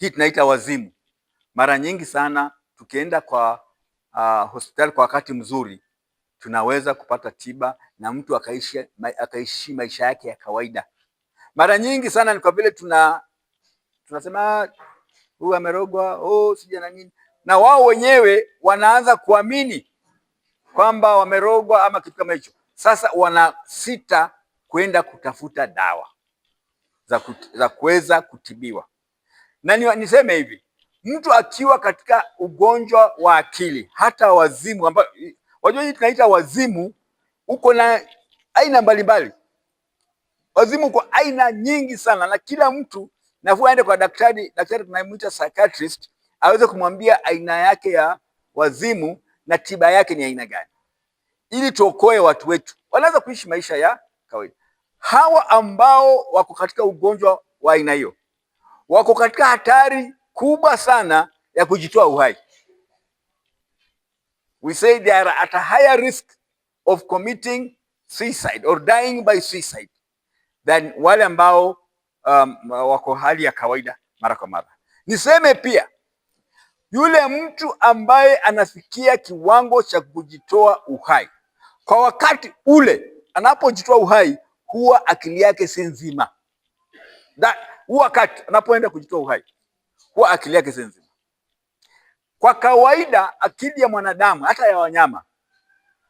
Hii tunaita wazimu. Mara nyingi sana tukienda kwa uh, hospitali kwa wakati mzuri tunaweza kupata tiba na mtu akaishi, akaishi maisha yake ya kawaida. Mara nyingi sana ni kwa vile tuna tunasema huyu amerogwa, oh, sija na nini, na wao wenyewe wanaanza kuamini kwamba wamerogwa ama kitu kama hicho. Sasa wanasita kwenda kutafuta dawa za kuweza kutibiwa. Na niseme hivi, mtu akiwa katika ugonjwa wa akili, hata wazimu ambao wajua hii tunaita wazimu, uko na aina mbalimbali. Wazimu kwa aina nyingi sana, na kila mtu nafua aende kwa daktari, daktari tunayemwita psychiatrist, aweze kumwambia aina yake ya wazimu na tiba yake ni aina gani, ili tuokoe watu wetu, wanaweza kuishi maisha ya kawaida. Hawa ambao wako katika ugonjwa wa aina hiyo wako katika hatari kubwa sana ya kujitoa uhai. We say they are at a higher risk of committing suicide or dying by suicide than wale ambao um, wako hali ya kawaida mara kwa mara. Niseme pia yule mtu ambaye anafikia kiwango cha kujitoa uhai kwa wakati ule, anapojitoa uhai huwa akili yake si nzima wakati anapoenda kujitoa uhai huwa akili yake si nzima. Kwa kawaida akili ya mwanadamu hata ya wanyama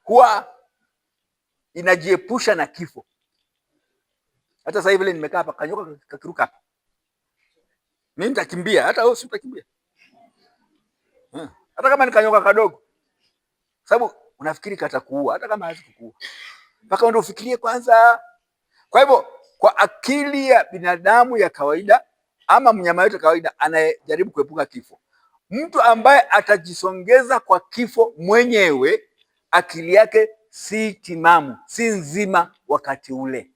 huwa inajiepusha na kifo. Hata sasa hivi ile nimekaa hapa, kanyoka kakiruka hapa, mimi nitakimbia, hata wewe usitakimbia, hmm, hata kama ni kanyoka kadogo, sababu unafikiri katakuua, hata kama hawezi kukuua, mpaka ndio ufikirie kwanza. Kwa hivyo kwa akili ya binadamu ya kawaida ama mnyama yote kawaida anayejaribu kuepuka kifo, mtu ambaye atajisongeza kwa kifo mwenyewe, akili yake si timamu, si nzima wakati ule.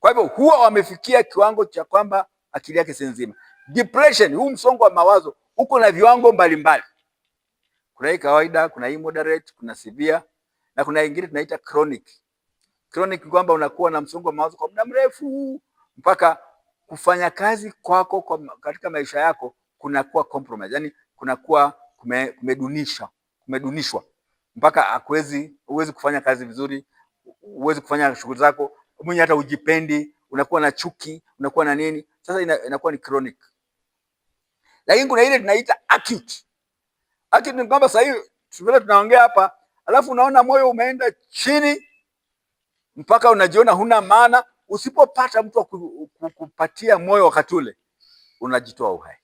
Kwa hivyo huwa wamefikia kiwango cha kwamba akili yake si nzima. Depression, huu msongo wa mawazo uko na viwango mbalimbali. Kuna hii kawaida, kuna hii moderate, kuna severe na kuna ingine tunaita chronic chronic kwamba unakuwa na msongo wa mawazo kwa muda mrefu mpaka kufanya kazi kwako kwa, katika maisha yako kunakuwa compromise, yani kunakuwa kume, kumedunisha kumedunishwa mpaka hakuwezi uwezi kufanya kazi vizuri, uwezi kufanya shughuli zako mwenye, hata ujipendi, unakuwa na chuki, unakuwa na nini. Sasa ina, inakuwa ni chronic, lakini kuna ile tunaita acute. Acute ni kwamba sasa hivi tunaongea hapa, alafu unaona moyo umeenda chini mpaka unajiona huna maana. Usipopata mtu wa kupatia moyo wakati ule, unajitoa uhai,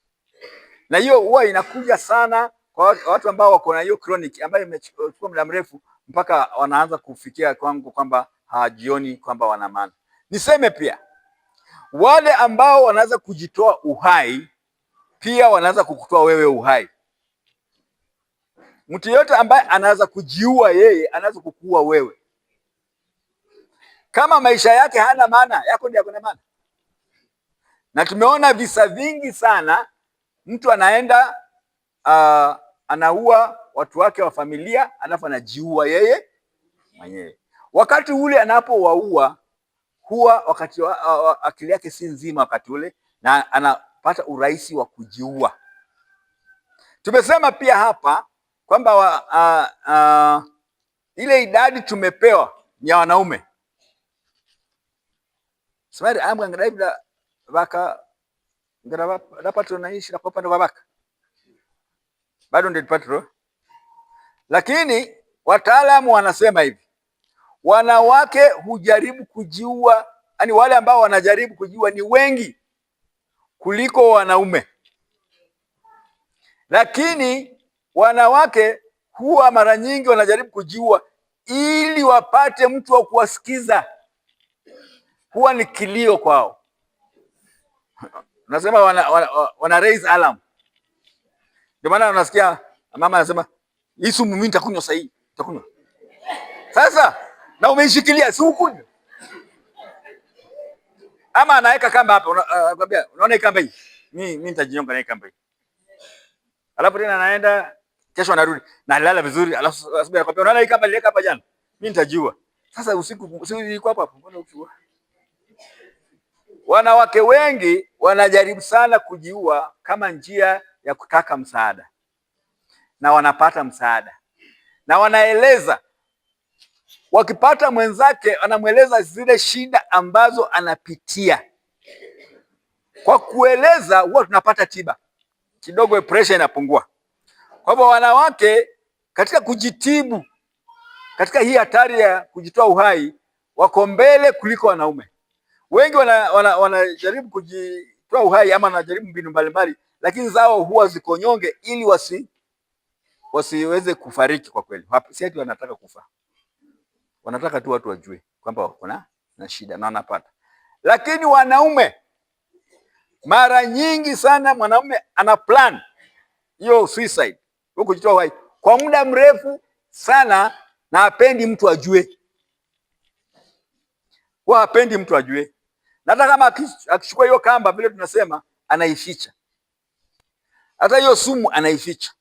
na hiyo huwa inakuja sana kwa watu ambao wako na hiyo chronic ambayo imechukua muda mrefu mpaka wanaanza kufikia kwangu kwamba hawajioni kwamba wana maana. Niseme pia wale ambao wanaweza kujitoa uhai pia wanaweza kukutoa wewe uhai. Mtu yeyote ambaye anaweza kujiua yeye anaweza kukuua wewe kama maisha yake hana maana yako ndio na maana. Na tumeona visa vingi sana, mtu anaenda uh, anaua watu wake wa familia alafu anajiua yeye mwenyewe. Wakati ule anapowaua huwa wakati wa, wa, akili yake si nzima wakati ule, na anapata urahisi wa kujiua. Tumesema pia hapa kwamba uh, uh, ile idadi tumepewa ni ya wanaume Samari ambwa ngadaibla vaka ngara lapatro naishira kwa upande ndo vaka bado ndio patro, lakini wataalamu wanasema hivi, wanawake hujaribu kujiua, yani wale ambao wanajaribu kujiua ni wengi kuliko wanaume, lakini wanawake huwa mara nyingi wanajaribu kujiua ili wapate mtu wa kuwasikiza huwa ni kilio kwao, nasema wana, wana, wana raise alarm. Ndio maana unasikia mama anasema hii sumu mimi nitakunywa sasa, hii nitakunywa sasa, na umeishikilia si ukunywa, ama anaweka kamba hapa, unakwambia uh, unaona kamba hii, mimi mimi nitajinyonga na kamba hii, alafu tena anaenda kesho anarudi na lala vizuri, alafu asubuhi anakwambia unaona hii kamba niliweka hapa jana, mimi nitajua. sasa. Usiku usiku ilikuwa hapa hapo, mbona ukiwa Wanawake wengi wanajaribu sana kujiua kama njia ya kutaka msaada, na wanapata msaada na wanaeleza, wakipata mwenzake anamweleza zile shida ambazo anapitia. Kwa kueleza huwa tunapata tiba kidogo, pressure inapungua. Kwa hivyo wanawake katika kujitibu, katika hii hatari ya kujitoa uhai, wako mbele kuliko wanaume. Wengi wanajaribu wana, wana kujitoa uhai ama wanajaribu mbinu mbalimbali, lakini zao huwa ziko nyonge ili wasi wasiweze kufariki. Kwa kweli, hapa si ati wanataka kufa, wanataka tu watu wajue kwamba wako na shida na wanapata. Lakini wanaume mara nyingi sana, mwanaume ana plan hiyo suicide, huko kujitoa uhai kwa muda mrefu sana, na apendi mtu ajue, huwa apendi mtu ajue na hata kama akichukua hiyo kamba, vile tunasema, anaificha. Hata hiyo sumu anaificha,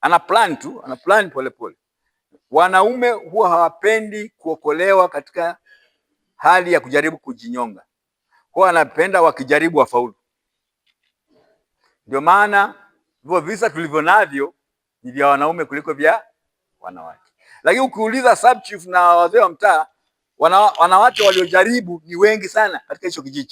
ana plan tu, ana plan polepole. Wanaume huwa hawapendi kuokolewa katika hali ya kujaribu kujinyonga, huwa anapenda wakijaribu wafaulu. Ndio maana hivyo visa tulivyo navyo ni vya wanaume kuliko vya wanawake. Lakini ukiuliza subchief na wazee wa mtaa Wanawake waliojaribu ni wengi sana katika hicho kijiji.